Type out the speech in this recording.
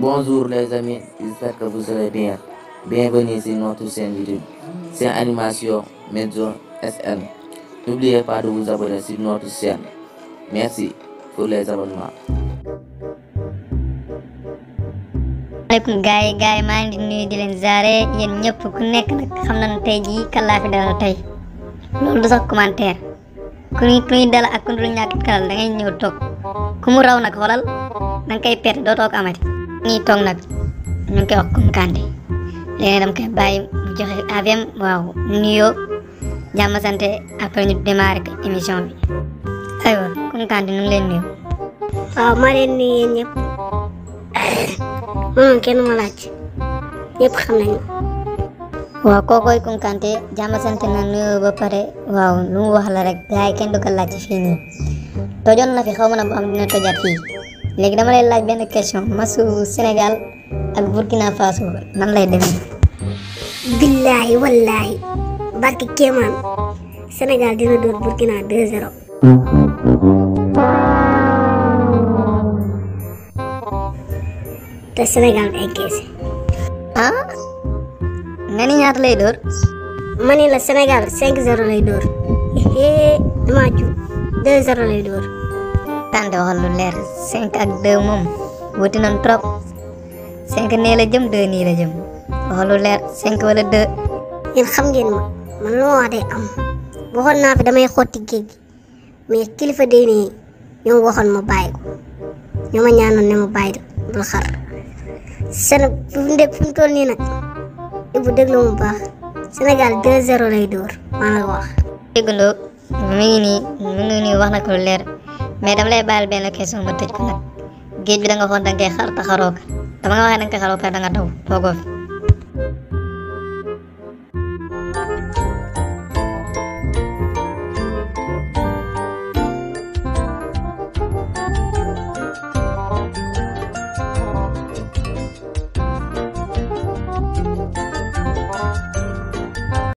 Bonjour les amis, j'espère que vous allez bien. Bienvenue sur notre chaîne YouTube. C'est Animation Medzo SN. N'oubliez pas de vous abonner sur notre chaîne. Merci pour les abonnements. maaleykum maa ngi di nuyu di leen zaare yéen ñëpp ku nekk nag xam nañu tey jii kàllaa fi dalal tey loolu du sax commentaire ku ñuy ku ak ku ñu ñàkk kalal da ñëw toog ku raw nag xoolal da nga koy perte doo toog amati. ñii toog nag ñu ngi koy wax Kounkandé eh. léegi dama koy bàyyi mu joxe aviam waaw nu leen nuyu. waaw maa leen nuyu yéen ñëpp moom kenn ma laaj ñëpp xam nañu. waaw kookooy Kounkandé jàmm sante na nuyoo ba pare waaw lu mu wax la rek gars yi kenn du laaj fii nii tojoon na fi xaw ma na bu am dina tojaat fii. léegi dama lay laaj benn question masu senegal ak Burkina Faso nan lay demee. billaahi wallaahi barki kéemaan Sénégal dina dóor Burkina 2-0. te Sénégal ay ah nga ni ñaata lay dóor. ma ne la Sénégal 5-0 lay dóor. dama ju 2-0 lay tànn waxal lu leer 5 ak 2 moom wuti nañ trop 5 nee jëm 2 nii jëm waxal lu leer 5 wala 2. yéen xam ngeen ma man lu wax day am waxoon naa fi damay xotti géej gi kilifa day nii ñoom waxoon ma bàyyi ko ñoo ma ñaanoon ne ma bàyyi bul xar seen fu mu nii nag Ibu déglu mu baax Sénégal 2-0 lay dóor maa ngi wax. dégg nga mi ngi nii mi ngi wax na ko lu leer. mais dama le bàyyil benn question ma tëj ko nag géej bi da nga foon da nga koy xar te xaroo ko dama nga waxee da nga koy xaroo da nga daw toogoo